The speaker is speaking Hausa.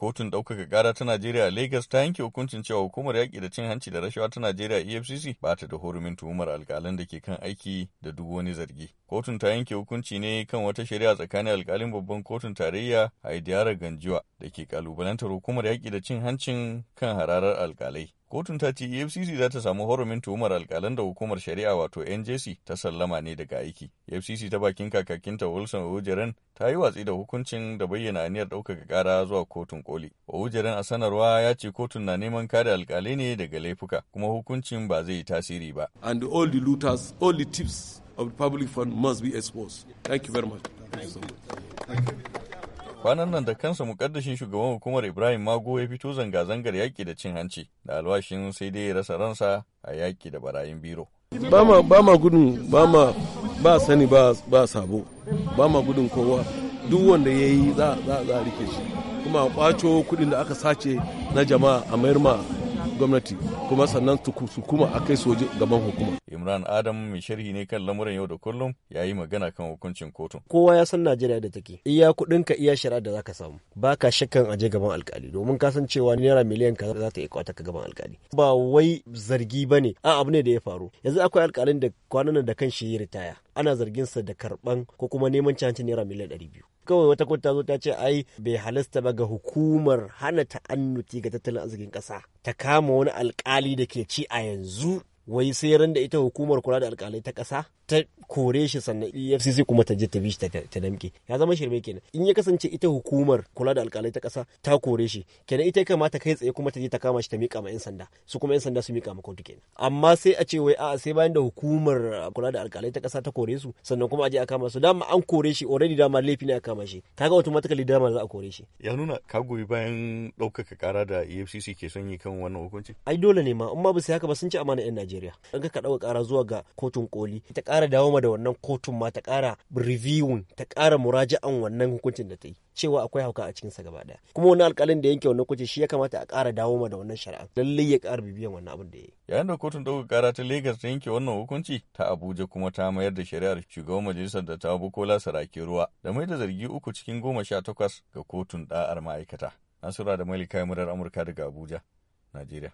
Kotun ɗaukaka ƙara ta Najeriya a Lagos ta yanke hukuncin cewa hukumar yaƙi da cin hanci da rashawa ta Najeriya EFCC ba ta da hurumin tuhumar alƙalan da ke kan aiki da duk wani zargi. Kotun ta yanke hukunci ne kan wata shari'a tsakanin alƙalin babban kotun tarayya a Haidiyara Ganjiwa da ke ƙalubalantar hukumar yaƙi da cin hancin kan hararar alƙalai. Kotun ta ce EFCC za ta samu horumin tuhumar alkalan da hukumar shari'a wato NJC ta sallama ne daga aiki. EFCC ta bakin kakakinta Wilson Ojeren ta yi watsi da hukuncin da bayyana aniyar ɗaukaka ƙara zuwa kotun koli. Ojeren a sanarwa ya ce kotun na neman kare alkalai ne daga laifuka kuma hukuncin ba zai yi tasiri ba. And all the looters, all the tips of the public fund must be exposed. Thank you very much. Thank you. Thank you. kwanan nan da kansa mukaddashin shugaban hukumar ibrahim mago ya fito zanga-zangar yaƙi da cin hanci da alwashin sai dai ya rasa ransa a yaƙi da barayin biro ba ma gudun ba ma ba sani ba sabo ba ma gudun kowa duk wanda ya yi za a rike shi kuma a kwaco kuɗin da aka sace na jama'a a mayar ma gwamnati kuma sannan su kuma a kai soji gaban hukuma. Imran Adam mai sharhi ne kan lamuran yau da kullum ya yi magana kan hukuncin kotun. Kowa ya san Najeriya da take. Iya kuɗin ka iya shari'a da zaka samu. Ba ka shakkan aje gaban alkali domin ka san cewa naira miliyan ka za ta iya kwata ka gaban alkali. Ba wai zargi ba ne a abu ne da ya faru. Yanzu akwai alkalin da kwanan da kan shi ya ritaya. Ana zarginsa da karɓan ko kuma neman cancin naira miliyan ɗari biyu. kawai wata kwata zo ta ce ai bai halasta ba ga hukumar hana ta'annuti ga tattalin arzikin ƙasa ta kama wani alkali da ke ci a yanzu wai sai ran da ita hukumar kula da alkalai ta ƙasa ta kore shi sannan EFCC kuma ta je ta bi shi ta damke ya zama shirme kenan in ya kasance ita hukumar kula da alkalai ta ƙasa ta kore shi kenan ita ta kai tsaye kuma ta je ta kama shi ta mika ma yan sanda su kuma yan sanda su mika ma kotu kenan amma sai a ce wai a'a sai bayan da hukumar kula da alkalai ta ƙasa ta kore su sannan kuma a je a kama su dama an kore shi already dama laifi ne a kama shi kaga automatically dama za a kore shi ya nuna ka goyi bayan ɗaukaka kara da EFCC ke son yi kan wannan hukunci ai dole ne ma amma ba sai haka ba sun ci amana yan Najeriya Najeriya in ka ɗauka ƙara zuwa ga kotun koli ta ƙara dawo da wannan kotun ma ta ƙara reviewing ta ƙara muraja'an wannan hukuncin da ta yi cewa akwai hauka a cikinsa gaba daya kuma wani alƙalin da yanke wannan kuce shi ya kamata a ƙara dawo ma da wannan shari'a lallai ya ƙara bibiyan wannan abin da ya yi yayin da kotun ɗaukar ƙara ta lagos ta yanke wannan hukunci ta Abuja kuma ta mayar da shari'ar shugaban majalisar da ta Bukola Sarake ruwa da mai da zargi uku cikin goma sha takwas ga kotun ɗa'ar ma'aikata Nasura da Malika Murar Amurka daga Abuja, Najeriya.